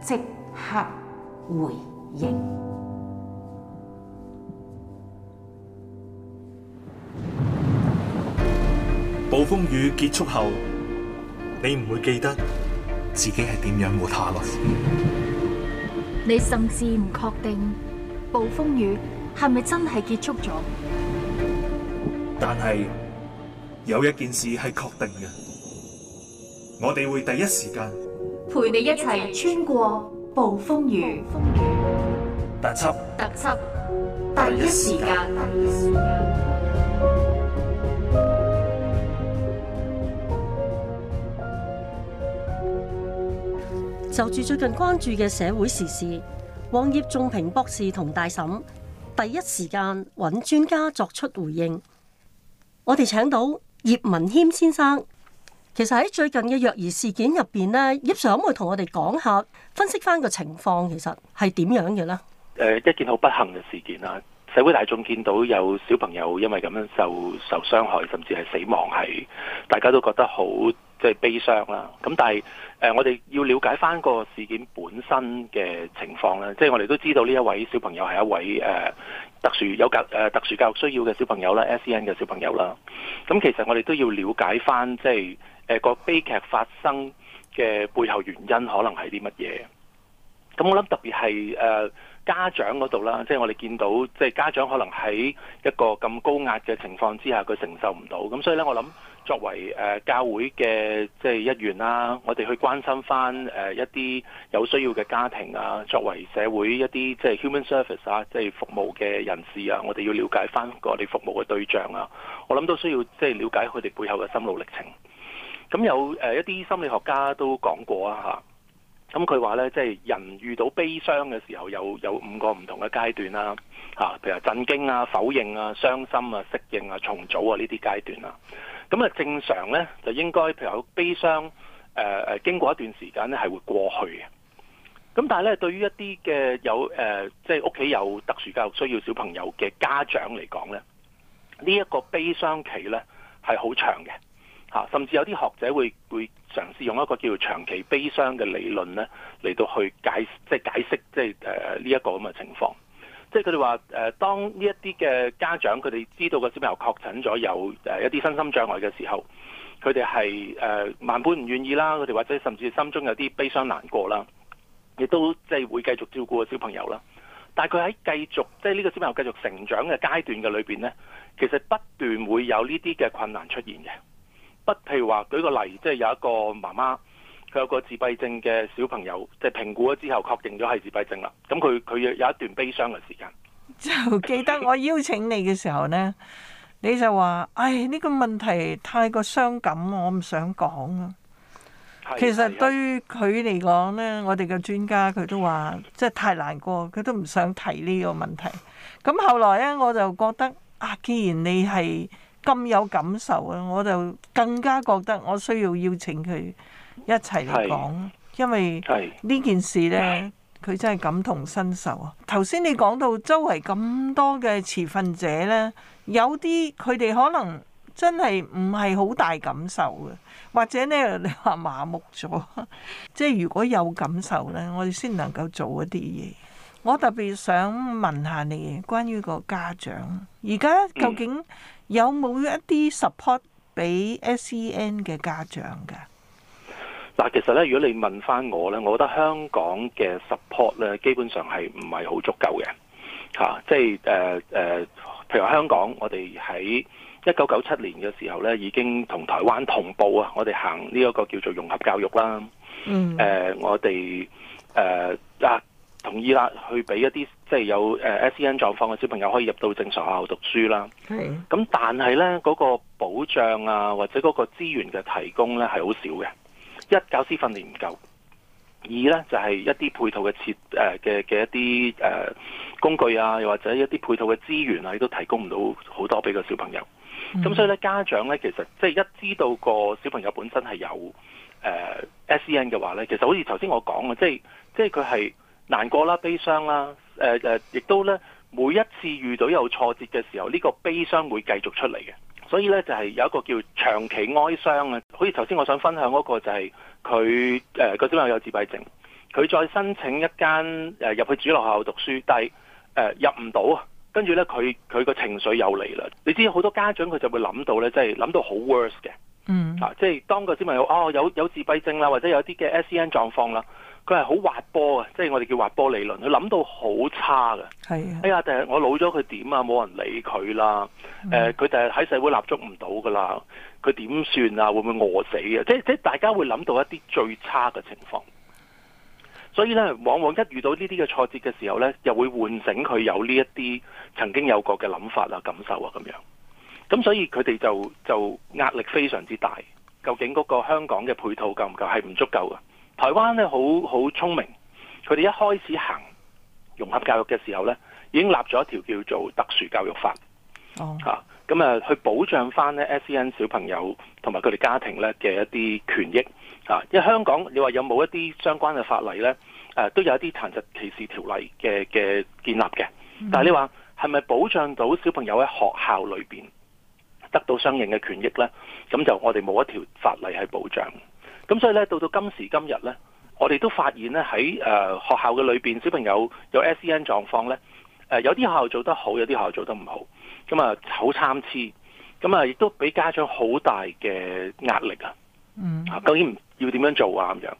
即刻回應！暴風雨結束後，你唔會記得自己係點樣活下嚟。你甚至唔確定暴風雨係咪真係結束咗。但係有一件事係確定嘅，我哋會第一時間。陪你一齊穿過暴風雨。特輯，特輯，第一時間。就住最近關注嘅社會時事，往葉仲平博士同大嬸第一時間揾專家作出回應。我哋請到葉文謙先生。其實喺最近嘅虐兒事件入邊呢，葉 Sir 可唔可以同我哋講下分析翻個情況，其實係點樣嘅呢？誒、呃，一件好不幸嘅事件啦！社會大眾見到有小朋友因為咁樣受受傷害，甚至係死亡，係大家都覺得好即係悲傷啦。咁但係誒、呃，我哋要了解翻個事件本身嘅情況啦。即、就、係、是、我哋都知道呢一位小朋友係一位誒、呃、特殊有教誒、呃、特殊教育需要嘅小朋友啦 SEN 嘅小朋友啦。咁其實我哋都要了解翻即係。就是誒個悲劇發生嘅背後原因可能係啲乜嘢？咁我諗特別係誒家長嗰度啦，即係我哋見到，即係家長可能喺一個咁高壓嘅情況之下，佢承受唔到。咁所以咧，我諗作為誒教會嘅即係一員啦，我哋去關心翻誒一啲有需要嘅家庭啊，作為社會一啲即係 human service 啊，即係服務嘅人士啊，我哋要了解翻個我哋服務嘅對象啊，我諗都需要即係了解佢哋背後嘅心路歷程。咁有誒一啲心理學家都講過啊嚇，咁佢話咧，即係人遇到悲傷嘅時候有有五個唔同嘅階段啦嚇，譬如震驚啊、否認啊、傷心啊、適應啊、重組啊呢啲階段啦。咁啊正常咧，就應該譬如有悲傷誒誒經過一段時間咧係會過去嘅。咁但係咧，對於一啲嘅有誒即係屋企有特殊教育需要小朋友嘅家長嚟講咧，呢一個悲傷期咧係好長嘅。甚至有啲學者會會嘗試用一個叫做長期悲傷嘅理論咧，嚟到去解即係、就是、解釋即係誒呢一個咁嘅情況。即係佢哋話誒，當呢一啲嘅家長佢哋知道個小朋友確診咗有誒一啲身心障礙嘅時候，佢哋係誒萬般唔願意啦，佢哋或者甚至心中有啲悲傷難過啦，亦都即係會繼續照顧、就是、個小朋友啦。但係佢喺繼續即係呢個小朋友繼續成長嘅階段嘅裏邊咧，其實不斷會有呢啲嘅困難出現嘅。不，譬如話舉個例，即係有一個媽媽，佢有個自閉症嘅小朋友，即係評估咗之後確定咗係自閉症啦。咁佢佢有一段悲傷嘅時間。就記得我邀請你嘅時候呢，你就話：唉，呢個問題太過傷感，我唔想講啊。其實對佢嚟講呢，我哋嘅專家佢都話，即係太難過，佢都唔想提呢個問題。咁後來呢，我就覺得啊，既然你係咁有感受啊！我就更加覺得我需要邀請佢一齊嚟講，是因為呢件事咧，佢是真係感同身受啊！頭先你講到周圍咁多嘅持份者咧，有啲佢哋可能真係唔係好大感受嘅，或者咧你話麻木咗， 即係如果有感受咧，我哋先能夠做一啲嘢。我特別想問下你，關於個家長，而家究竟有冇一啲 support 俾 SEN 嘅家長㗎？嗱、嗯，其實咧，如果你問翻我咧，我覺得香港嘅 support 咧，基本上係唔係好足夠嘅嚇、啊。即係誒誒，譬如香港，我哋喺一九九七年嘅時候咧，已經同台灣同步啊，我哋行呢一個叫做融合教育啦。啊、嗯。誒、呃，我哋誒、呃、啊！同意啦，去俾一啲即係有誒 SEN 狀況嘅小朋友可以入到正常學校讀書啦。咁的，但係呢，嗰、那個保障啊，或者嗰個資源嘅提供呢，係好少嘅。一，教師訓練唔夠，二呢，就係、是、一啲配套嘅設誒嘅嘅一啲誒、呃、工具啊，又或者一啲配套嘅資源啊，都提供唔到好多俾個小朋友。咁、嗯、所以呢，家長呢，其實即係一知道個小朋友本身係有誒 SEN 嘅話呢，其實好似頭先我講嘅，即係即係佢係。難過啦，悲傷啦，誒、呃、誒，亦都咧，每一次遇到有挫折嘅時候，呢、這個悲傷會繼續出嚟嘅。所以咧，就係、是、有一個叫長期哀傷啊。好似頭先我想分享嗰個就係佢誒個小朋友有自閉症，佢再申請一間誒入去主流學校讀書，但係誒、呃、入唔到啊。跟住咧，佢佢個情緒又嚟啦。你知好多家長佢就會諗到咧，即係諗到好 worse 嘅，嗯啊，即、就、係、是、當個小朋友哦有有，有自閉症啦，或者有啲嘅 SEN 狀況啦。佢係好滑坡啊，即係我哋叫滑坡理論。佢諗到好差嘅，的哎呀，第日我老咗，佢點啊？冇人理佢啦。誒的，佢第日喺社會立足唔到噶啦，佢點算啊？會唔會餓死啊？即即係大家會諗到一啲最差嘅情況。所以咧，往往一遇到呢啲嘅挫折嘅時候咧，又會喚醒佢有呢一啲曾經有過嘅諗法啊、感受啊咁樣。咁所以佢哋就就壓力非常之大。究竟嗰個香港嘅配套夠唔夠？係唔足夠嘅。台灣咧，好好聰明，佢哋一開始行融合教育嘅時候咧，已經立咗一條叫做特殊教育法嚇，咁、oh. 啊去保障返咧 SEN 小朋友同埋佢哋家庭咧嘅一啲權益嚇、啊。因為香港，你話有冇一啲相關嘅法例咧？誒、啊，都有一啲殘疾歧視條例嘅嘅建立嘅。Mm hmm. 但係你話係咪保障到小朋友喺學校裏邊得到相應嘅權益咧？咁就我哋冇一條法例係保障。咁所以咧，到到今時今日咧，我哋都發現咧喺誒學校嘅裏邊，小朋友有 SEN 狀況咧，誒有啲學校做得好，有啲學校做得唔好，咁啊好參差，咁啊亦都俾家長好大嘅壓力啊。嗯，究竟要點樣做啊咁樣？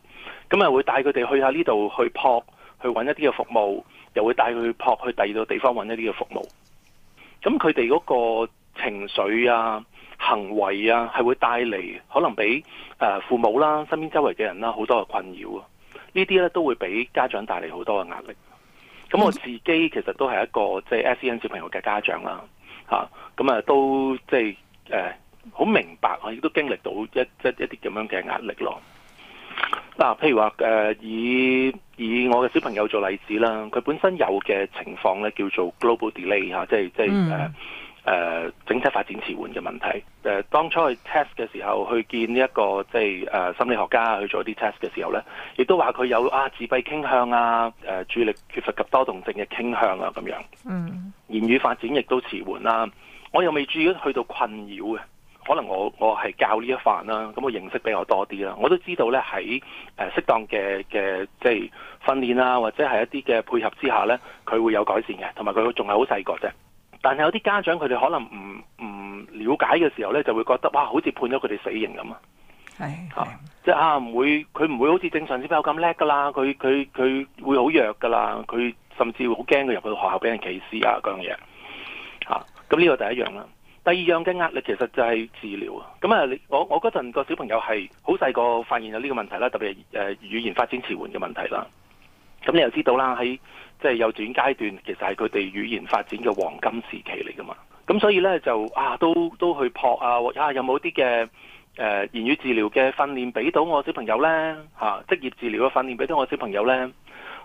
咁啊會帶佢哋去下呢度去撲，去揾一啲嘅服務，又會帶佢去撲去第二個地方揾一啲嘅服務。咁佢哋嗰個情緒啊～行為啊，係會帶嚟可能俾誒、呃、父母啦、身邊周圍嘅人啦好多嘅困擾啊！呢啲咧都會俾家長帶嚟好多嘅壓力。咁我自己其實都係一個即係 S. E. N. 小朋友嘅家長啦，嚇咁啊，啊都即係誒好明白啊，亦都經歷到一即一啲咁樣嘅壓力咯。嗱、啊，譬如話誒、呃，以以我嘅小朋友做例子啦，佢本身有嘅情況咧叫做 global delay 嚇、啊，即係即係誒。呃誒、呃、整體發展遲緩嘅問題，誒、呃、當初去 test 嘅時候，去見呢一個即係誒、呃、心理學家去做啲 test 嘅時候咧，亦都話佢有啊自閉傾向啊，誒、呃、注意力缺乏及多動症嘅傾向啊咁樣。嗯，言語發展亦都遲緩啦、啊。我又未注意去到困擾嘅，可能我我係教呢一範啦、啊，咁、嗯、我認識比較多啲啦。我都知道咧喺誒適當嘅嘅即係訓練啊，或者係一啲嘅配合之下咧，佢會有改善嘅，同埋佢仲係好細個啫。但係有啲家長佢哋可能唔唔瞭解嘅時候咧，就會覺得哇，好似判咗佢哋死刑咁、哎、啊！係的啊，即係啊，唔會佢唔會好似正常小朋友咁叻噶啦，佢佢佢會好弱噶啦，佢甚至會好驚佢入去學校俾人歧視樣啊，嗰種嘢啊。咁呢個就第一樣啦。第二樣嘅壓力其實就係治療啊。咁啊，你我我嗰陣個小朋友係好細個發現有呢個問題啦，特別係誒語言發展遲緩嘅問題啦。咁你又知道啦喺。即係幼稚園階段，其實係佢哋語言發展嘅黃金時期嚟噶嘛，咁所以呢，就啊，都都去撲啊，呀、啊、有冇啲嘅言語治療嘅訓練俾到我小朋友呢？嚇、啊，職業治療嘅訓練俾到我小朋友呢？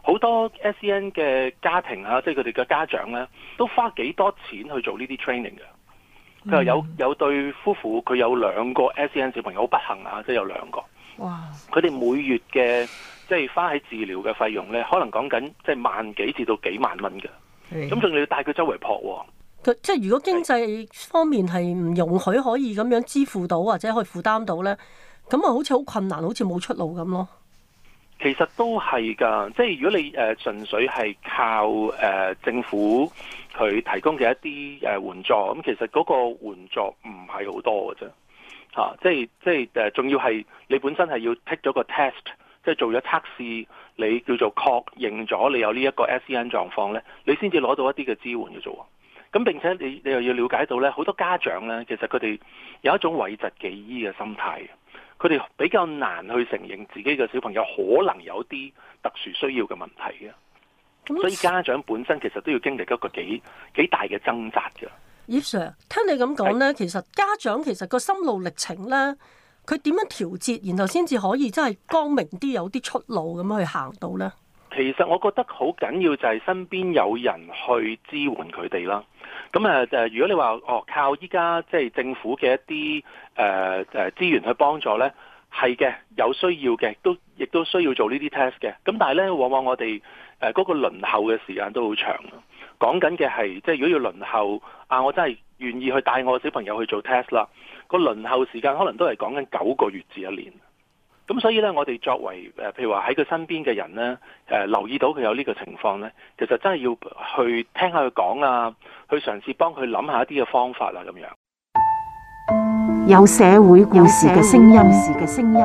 好多 SEN 嘅家庭啊，即係佢哋嘅家長呢，都花幾多錢去做呢啲 training 嘅？佢話有、嗯、有，有對夫婦，佢有兩個 SEN 小朋友，好不幸啊，即、就、係、是、有兩個，佢哋哇每月嘅。即係花喺治療嘅費用咧，可能講緊即係萬幾至到幾萬蚊嘅。咁仲的要帶佢周圍撲喎、啊。即係如果經濟方面係唔容許可以咁樣支付到或者可以負擔到咧，咁啊好似好困難，好似冇出路咁咯。其實都係㗎，即係如果你誒純粹係靠誒政府佢提供嘅一啲誒援助，咁其實嗰個援助唔係好多嘅啫。嚇、啊！即係即係誒，仲、啊、要係你本身係要剔咗個 test。即係做咗測試，你叫做確認咗你有呢一個 SEN 狀況咧，你先至攞到一啲嘅支援嘅啫。咁並且你你又要了解到咧，好多家長咧，其實佢哋有一種諱疾忌醫嘅心態，佢哋比較難去承認自己嘅小朋友可能有啲特殊需要嘅問題嘅。所以家長本身其實都要經歷一個幾幾大嘅掙扎嘅。葉 Sir，聽你咁講咧，是其實家長其實個心路歷程咧。佢點樣調節，然後先至可以真係光明啲，有啲出路咁樣去行到呢？其實我覺得好緊要就係身邊有人去支援佢哋啦。咁誒誒，如果你話哦靠依家即係政府嘅一啲誒誒資源去幫助呢，係嘅，有需要嘅都亦都需要做呢啲 test 嘅。咁但係呢，往往我哋誒嗰個輪候嘅時間都好長。講緊嘅係，即係如果要輪候啊，我真係。願意去帶我嘅小朋友去做 test 啦，個輪候時間可能都係講緊九個月至一年。咁所以咧，我哋作為誒，譬如話喺佢身邊嘅人咧，誒留意到佢有呢個情況咧，其實真係要去聽下佢講啊，去嘗試幫佢諗下一啲嘅方法啦，咁樣。有社會故事嘅聲音，時嘅聲音，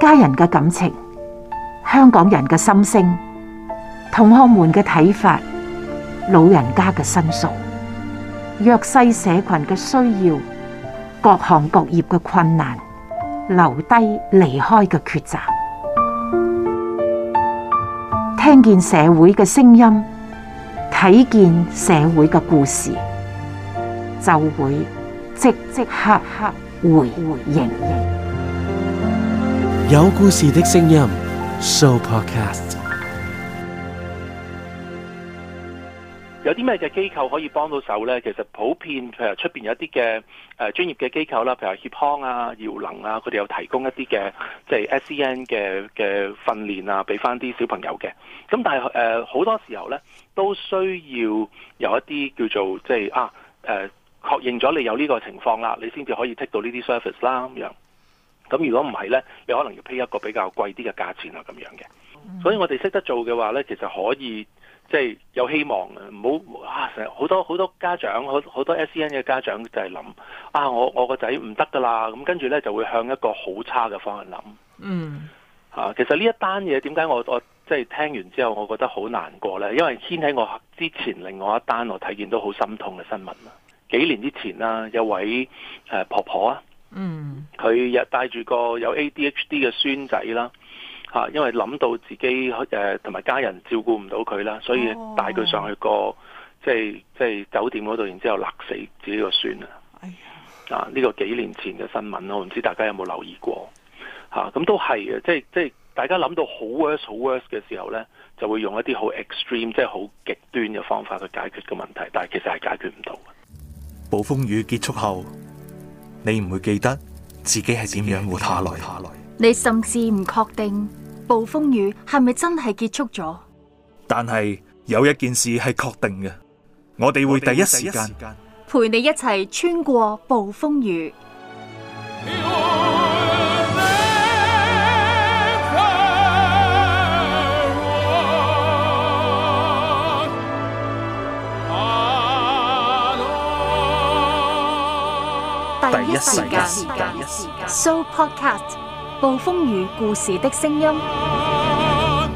家人嘅感情，香港人嘅心聲，同學們嘅睇法，老人家嘅申訴，弱勢社群嘅需要，各行各業嘅困難，留低離開嘅抉擇，聽見社會嘅聲音，睇見社會嘅故事，就會即即刻回回應。有故事嘅聲音，So Podcast。有啲咩嘅機構可以幫到手呢？其實普遍譬如出邊有一啲嘅誒專業嘅機構啦，譬如協康啊、耀能啊，佢哋有提供一啲嘅即係 SCN 嘅嘅訓練啊，俾翻啲小朋友嘅。咁但係誒好多時候呢，都需要有一啲叫做即係、就是、啊誒、呃、確認咗你有呢個情況啦，你先至可以 take 到呢啲 service 啦咁樣。咁如果唔係呢，你可能要 pay 一個比較貴啲嘅價錢啊咁樣嘅。所以我哋識得做嘅話呢，其實可以。即係有希望嘅，唔好啊！成日好多好多家長，好好多 S C N 嘅家長就係諗啊！我我個仔唔得㗎啦，咁跟住咧就會向一個好差嘅方向諗。嗯，啊，其實呢一單嘢點解我我即係、就是、聽完之後我覺得好難過咧？因為牽起我之前另外一單我睇見都好心痛嘅新聞啦。幾年之前啦、啊，有位誒、呃、婆婆啊，嗯，佢又帶住個有 A D H D 嘅孫仔啦。吓、啊，因為諗到自己誒同埋家人照顧唔到佢啦，所以帶佢上去個即係即係酒店嗰度，然之後勒死自己個孫啦。啊、呢、這個幾年前嘅新聞，我唔知大家有冇留意過吓。咁、啊嗯、都係嘅，即係即係大家諗到好 worse，好 worse 嘅時候咧，就會用一啲好 extreme，即係好極端嘅方法去解決個問題，但係其實係解決唔到。暴風雨結束後，你唔會記得自己係點樣活下來、來。你甚至唔確定。暴風雨係咪真係結束咗？但係有一件事係確定嘅，我哋會第一時間陪你一齊穿過暴風雨。第一時間，So Podcast。暴風雨故事的聲音啊，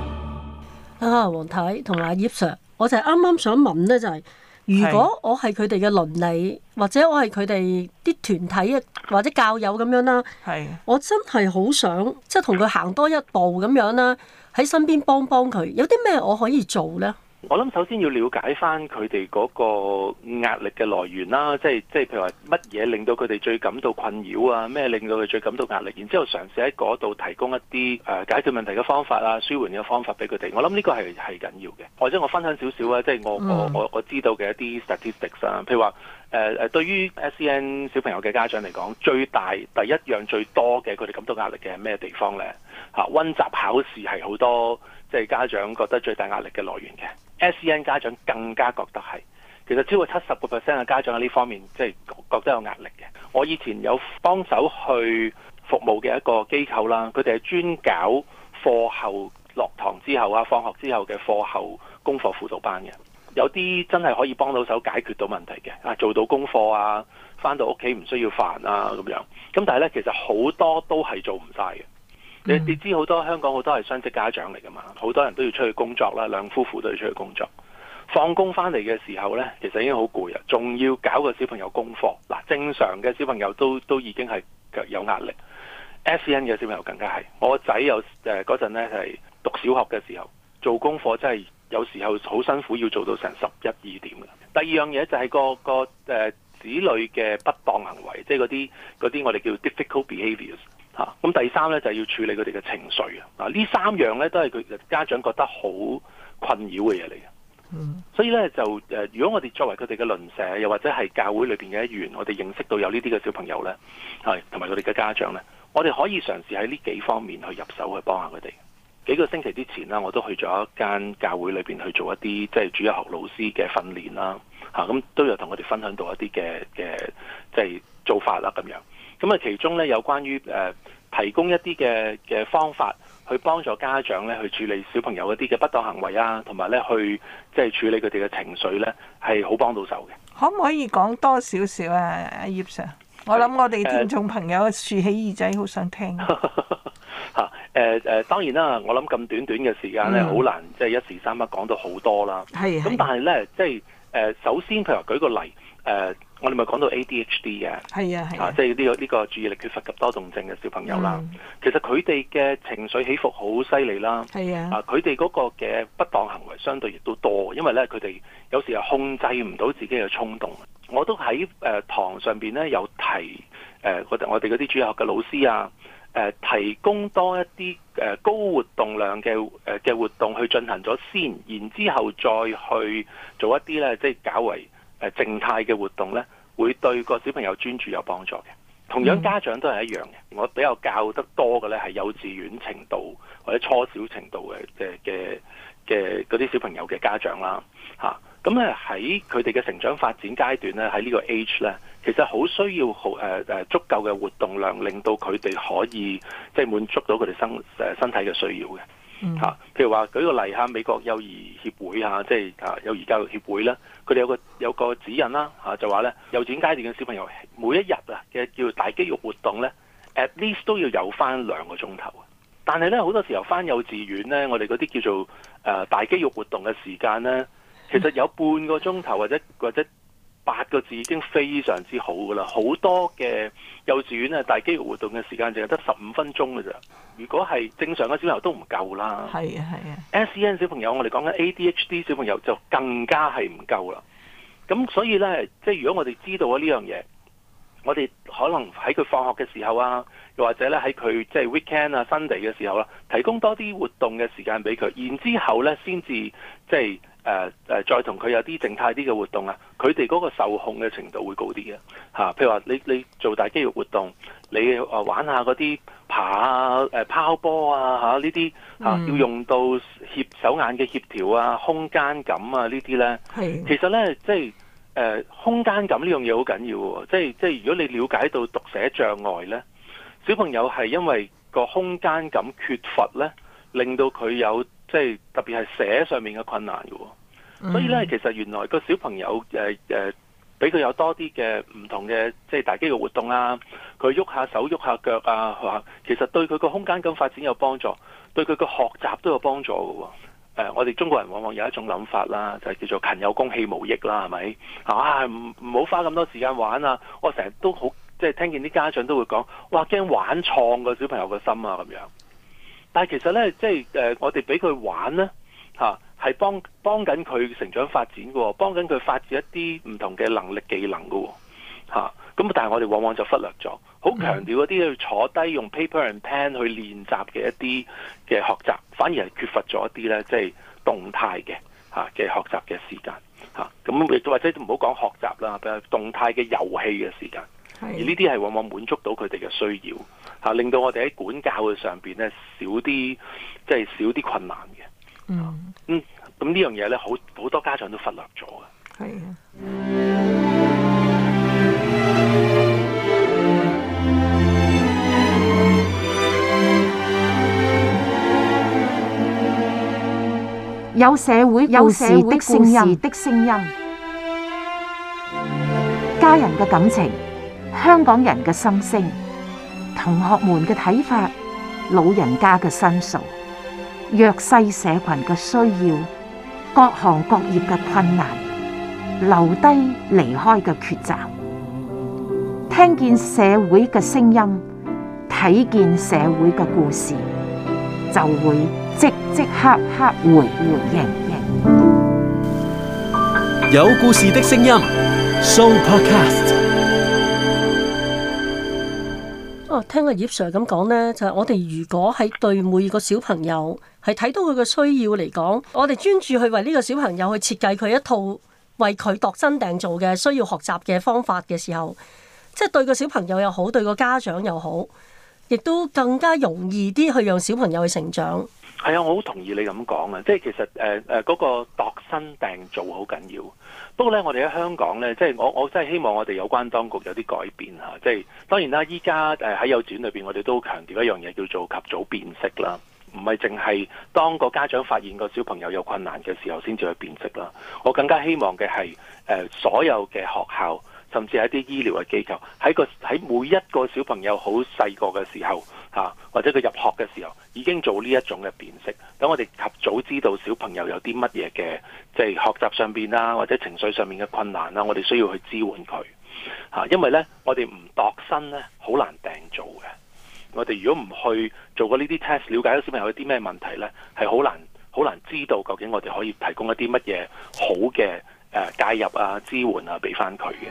黃太同阿葉 Sir，我就係啱啱想問咧、就是，就係如果我係佢哋嘅鄰里，或者我係佢哋啲團體啊，或者教友咁樣啦，係的，我真係好想即係同佢行多一步咁樣啦，喺身邊幫幫佢，有啲咩我可以做咧？我諗首先要了解翻佢哋嗰個壓力嘅來源啦，即係即係譬如話乜嘢令到佢哋最感到困擾啊？咩令到佢最感到壓力？然之後嘗試喺嗰度提供一啲誒、呃、解決問題嘅方法啊，舒緩嘅方法俾佢哋。我諗呢個係係緊要嘅。或者我分享少少啊，即係我我我我知道嘅一啲 statistics 啊，譬如話誒誒，對於 SEN 小朋友嘅家長嚟講，最大第一樣最多嘅佢哋感到壓力嘅係咩地方咧？吓、啊，溫習考試係好多。即係家長覺得最大壓力嘅來源嘅，S.E.N 家長更加覺得係，其實超過七十個 percent 嘅家長喺呢方面即係覺得有壓力嘅。我以前有幫手去服務嘅一個機構啦，佢哋係專搞課後落堂之後啊，放學之後嘅課後功課輔導班嘅。有啲真係可以幫到手解決到問題嘅，啊做到功課啊，返到屋企唔需要煩啊咁樣。咁但係咧，其實好多都係做唔晒嘅。你知好多香港好多係雙職家長嚟㗎嘛？好多人都要出去工作啦，兩夫婦都要出去工作。放工返嚟嘅時候呢，其實已經好攰啊！仲要搞個小朋友功課。嗱，正常嘅小朋友都都已經係有壓力，SN 嘅小朋友更加係。我仔有誒嗰陣呢係讀小學嘅時候做功課，真係有時候好辛苦，要做到成十一二點。第二樣嘢就係個個誒子女嘅不當行為，即係嗰啲啲我哋叫 difficult behaviors 吓，咁第三咧就係、是、要處理佢哋嘅情緒啊！啊呢三樣咧都係佢家長覺得好困擾嘅嘢嚟嘅。嗯，所以咧就誒，如果我哋作為佢哋嘅鄰舍，又或者係教會裏邊嘅一員，我哋認識到有呢啲嘅小朋友咧，係同埋佢哋嘅家長咧，我哋可以嘗試喺呢幾方面去入手去幫下佢哋。幾個星期之前啦，我都去咗一間教會裏邊去做一啲即係主日學老師嘅訓練啦。吓、啊、咁、嗯、都有同佢哋分享到一啲嘅嘅即係做法啦、啊，咁樣。咁啊，其中咧有關於誒、呃、提供一啲嘅嘅方法，去幫助家長咧去處理小朋友一啲嘅不當行為啊，同埋咧去即係處理佢哋嘅情緒咧，係好幫到手嘅。可唔可以講多少少啊，阿葉 Sir？我諗我哋聽眾朋友豎、呃、起耳仔，好想聽。嚇、 啊！誒、呃、誒，當然啦，我諗咁短短嘅時間咧，好、嗯、難即係一時三刻講到好多啦。係呀。咁但係咧，即係誒、呃，首先譬如舉個例。誒，uh, 我哋咪講到 ADHD 嘅、啊，係啊係啊，啊，即係、這、呢個呢、這個注意力缺乏及多動症嘅小朋友啦。嗯、其實佢哋嘅情緒起伏好犀利啦，係啊，啊佢哋嗰個嘅不當行為，相對亦都多，因為咧佢哋有時係控制唔到自己嘅衝動。我都喺誒堂上邊咧有提誒、呃，我哋嗰啲主校嘅老師啊，誒、呃、提供多一啲誒高活動量嘅誒嘅活動去進行咗先，然之後再去做一啲咧，即、就、係、是、較為。誒靜態嘅活動咧，會對個小朋友專注有幫助嘅。同樣、mm. 家長都係一樣嘅。我比較教得多嘅咧，係幼稚園程度或者初小程度嘅嘅嘅嘅嗰啲小朋友嘅家長啦，嚇、啊。咁咧喺佢哋嘅成長發展階段咧，喺呢個 age 咧，其實好需要好誒誒、呃、足夠嘅活動量，令到佢哋可以即係、就是、滿足到佢哋身誒、呃、身體嘅需要嘅。嚇，譬、嗯、如話舉個例嚇，美國幼兒協會嚇，即係嚇幼兒教育協會咧，佢哋有個有個指引啦嚇、啊，就話咧幼稚園階段嘅小朋友每一日啊嘅叫大肌肉活動咧，at least 都要有翻兩個鐘頭。但係咧好多時候翻幼稚園咧，我哋嗰啲叫做誒、呃、大肌肉活動嘅時間咧，其實有半個鐘頭或者或者，或者八個字已經非常之好噶啦，好多嘅幼稚園咧，大肌肉活動嘅時間淨係得十五分鐘噶咋。如果係正常嘅小朋友都唔夠啦，係啊係啊。S E N 小朋友，我哋講緊 A D H D 小朋友就更加係唔夠啦。咁所以呢，即係如果我哋知道咗呢樣嘢，我哋可能喺佢放學嘅時候啊，又或者咧喺佢即係 weekend 啊、Sunday 嘅時候啦、啊，提供多啲活動嘅時間俾佢，然之後呢，先至即係。誒誒、呃，再同佢有啲靜態啲嘅活動啊，佢哋嗰個受控嘅程度會高啲嘅嚇。譬如話，你你做大肌肉活動，你誒玩下嗰啲爬啊、誒、呃、拋波啊嚇呢啲嚇，要用到協手眼嘅協調啊、空間感啊呢啲咧。是其實咧，即係誒、呃、空間感呢樣嘢好緊要喎。即係即係，如果你了解到讀寫障礙咧，小朋友係因為個空間感缺乏咧，令到佢有。即係特別係寫上面嘅困難嘅、哦，mm hmm. 所以咧其實原來個小朋友誒誒，俾、呃、佢、呃、有多啲嘅唔同嘅即係大肌肉活動啦，佢喐下手喐下腳啊，其實對佢個空間感發展有幫助，對佢個學習都有幫助嘅、哦。誒、呃，我哋中國人往往有一種諗法啦，就係叫做勤有功，戲無益啦，係咪啊？唔唔好花咁多時間玩啊！我成日都好即係聽見啲家長都會講，哇，驚玩創個小朋友個心啊咁樣。但係其實咧，即係誒，我哋俾佢玩咧，嚇係幫幫緊佢成長發展嘅喎，幫緊佢發展一啲唔同嘅能力技能嘅喎，嚇咁但係我哋往往就忽略咗，好強調嗰啲要坐低用 paper and pen 去練習嘅一啲嘅學習，反而係缺乏咗一啲咧，即係動態嘅嚇嘅學習嘅時間嚇，咁亦都或者唔好講學習啦，比較動態嘅遊戲嘅時間，而呢啲係往往滿足到佢哋嘅需要。啊！令到我哋喺管教嘅上邊咧少啲，即係少啲困難嘅。嗯，嗯，咁呢樣嘢咧，好好多家長都忽略咗啊。係啊。有社會，有社會時的聲音，的聲音，家人嘅感情，香港人嘅心聲。同學們嘅睇法，老人家嘅申訴，弱勢社群嘅需要，各行各業嘅困難，留低離開嘅抉擇，聽見社會嘅聲音，睇見社會嘅故事，就會即即刻刻回回應應。有故事的聲音，So 聽個葉 Sir 咁講咧，就係我哋如果喺對每個小朋友係睇到佢嘅需要嚟講，我哋專注去為呢個小朋友去設計佢一套為佢度身訂造嘅需要學習嘅方法嘅時候，即係對個小朋友又好，對個家長又好，亦都更加容易啲去讓小朋友去成長。係啊，我好同意你咁講啊，即係其實誒誒嗰個度身訂造好緊要。不過咧，我哋喺香港咧，即係我我真係希望我哋有關當局有啲改變吓，即係當然啦。依家誒喺幼稚園裏邊，我哋都強調一樣嘢叫做及早辨識啦，唔係淨係當個家長發現個小朋友有困難嘅時候先至去辨識啦。我更加希望嘅係誒所有嘅學校。甚至係啲醫療嘅機構，喺個喺每一個小朋友好細個嘅時候，嚇、啊、或者佢入學嘅時候，已經做呢一種嘅辨識。等我哋及早知道小朋友有啲乜嘢嘅，即、就、係、是、學習上邊啦，或者情緒上面嘅困難啦，我哋需要去支援佢嚇、啊。因為呢，我哋唔度身呢，好難訂做嘅。我哋如果唔去做過呢啲 test，瞭解到小朋友有啲咩問題呢，係好難好難知道究竟我哋可以提供一啲乜嘢好嘅。誒、啊、介入啊，支援啊，俾翻佢嘅。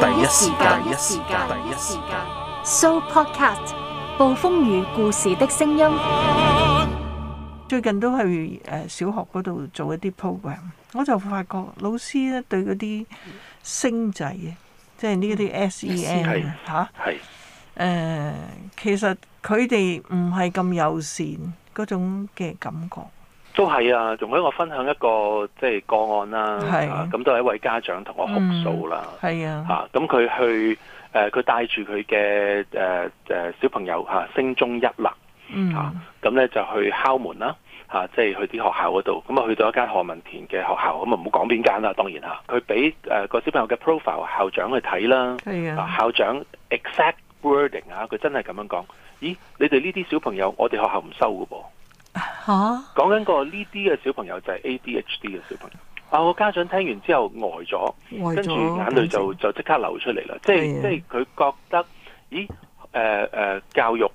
第一時間，第一時間，第一時間。時時 so Podcast《暴風雨故事》的聲音。最近都係誒小學嗰度做一啲 program，我就發覺老師咧對嗰啲星仔，即係呢啲 SEN 嚇，誒、啊呃、其實佢哋唔係咁友善嗰種嘅感覺。都係啊，仲有一個分享一個即係、就是、個案啦、啊，咁、啊啊、都係一位家長同我哭訴啦，嚇咁佢去誒佢、呃、帶住佢嘅誒誒小朋友嚇升、啊、中一啦。嗯吓、嗯，咁咧、啊、就去敲門啦，吓、啊、即係去啲學校嗰度，咁啊去到一間何文田嘅學校，咁啊唔好講邊間啦，當然吓，佢俾誒個小朋友嘅 profile 校長去睇啦，係啊，校長 exact wording 啊，佢真係咁樣講，咦，你哋呢啲小朋友我哋學校唔收嘅噃。吓、啊，講緊個呢啲嘅小朋友就係 ADHD 嘅小朋友，啊我個家長聽完之後呆咗，呆咗，跟住眼淚就就即刻流出嚟啦。即係即係佢覺得，咦，誒、呃、誒、呃、教育。教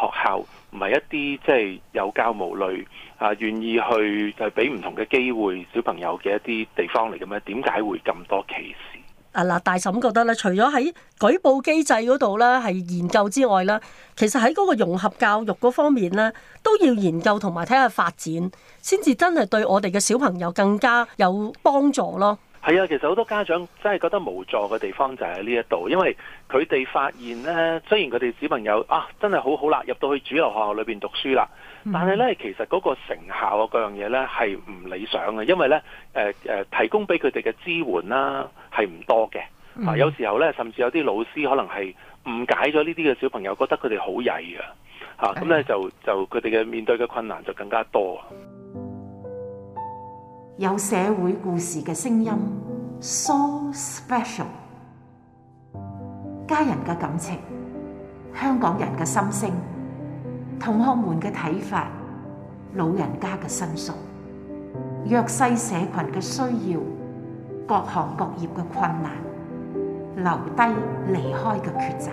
學校唔係一啲即係有教無類啊，願意去就俾唔同嘅機會小朋友嘅一啲地方嚟嘅咩？點解會咁多歧視？啊嗱，大嬸覺得咧，除咗喺舉報機制嗰度咧係研究之外咧，其實喺嗰個融合教育嗰方面咧，都要研究同埋睇下發展，先至真係對我哋嘅小朋友更加有幫助咯。係啊，其實好多家長真係覺得無助嘅地方就喺呢一度，因為佢哋發現呢，雖然佢哋小朋友啊真係好好啦，入到去主流學校裏邊讀書啦，但係呢，其實嗰個成效啊，各樣嘢呢係唔理想嘅，因為呢，誒、呃、誒、呃、提供俾佢哋嘅支援啦係唔多嘅。嗱、啊，有時候呢，甚至有啲老師可能係誤解咗呢啲嘅小朋友，覺得佢哋好曳啊，嚇、嗯、咁呢，就就佢哋嘅面對嘅困難就更加多啊。有社會故事嘅聲音，So special。家人嘅感情，香港人嘅心聲，同學們嘅睇法，老人家嘅申訴，弱勢社群嘅需要，各行各業嘅困難，留低離開嘅抉擇，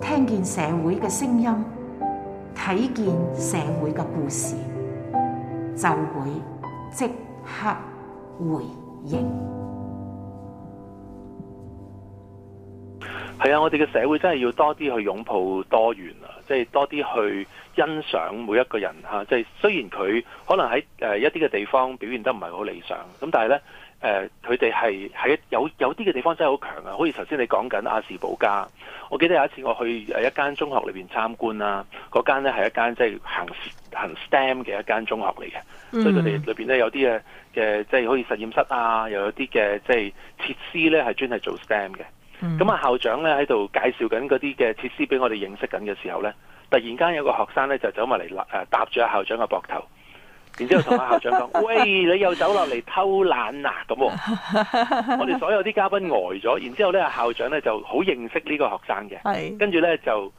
聽見社會嘅聲音，睇見社會嘅故事，就會，即刻回應。係啊，我哋嘅社會真係要多啲去擁抱多元啊，即係多啲去欣賞每一個人嚇。即係雖然佢可能喺誒一啲嘅地方表現得唔係好理想，咁但係呢。誒，佢哋係喺有有啲嘅地方真係好強啊！好似頭先你講緊亞氏保加，我記得有一次我去一間中學裏邊參觀啦、啊，嗰間咧係一間即係行行 STEM 嘅一間中學嚟嘅，所以佢哋裏邊呢有啲嘅嘅即係好似實驗室啊，又有啲嘅即係設施呢係專係做 STEM 嘅。咁啊、嗯，校長呢喺度介紹緊嗰啲嘅設施俾我哋認識緊嘅時候呢，突然間有個學生呢就走埋嚟搭住阿校長嘅膊頭。然之後同阿校長講： 喂，你又走落嚟偷懶啊！咁、哦、 我哋所有啲嘉賓呆咗。然之後呢，校長呢就好認識呢個學生嘅。是跟住呢，就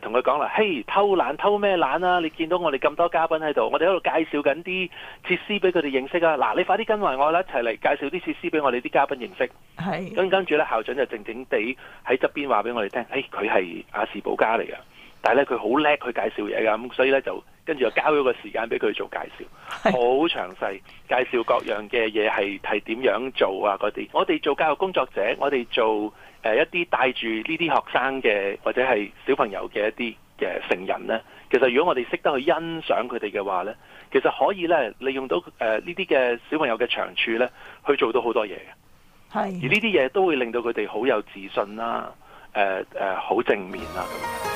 同佢講啦：嘿、呃 hey，偷懶偷咩懶啊？你見到我哋咁多嘉賓喺度，我哋喺度介紹緊啲設施俾佢哋認識啊！嗱，你快啲跟埋我一齊嚟介紹啲設施俾我哋啲嘉賓認識。是跟跟住呢，校長就靜靜地喺側邊話俾我哋聽：誒，佢係阿士保家嚟㗎，但係呢，佢好叻佢介紹嘢㗎，咁所以呢，所以呢所以就。跟住又交咗個時間俾佢做介紹，好是詳細介紹各樣嘅嘢係係點樣做啊嗰啲。我哋做教育工作者，我哋做誒、呃、一啲帶住呢啲學生嘅或者係小朋友嘅一啲嘅成人呢。其實如果我哋識得去欣賞佢哋嘅話呢，其實可以呢，利用到誒呢啲嘅小朋友嘅長處呢，去做到好多嘢嘅。是而呢啲嘢都會令到佢哋好有自信啦、啊，誒誒好正面啊咁。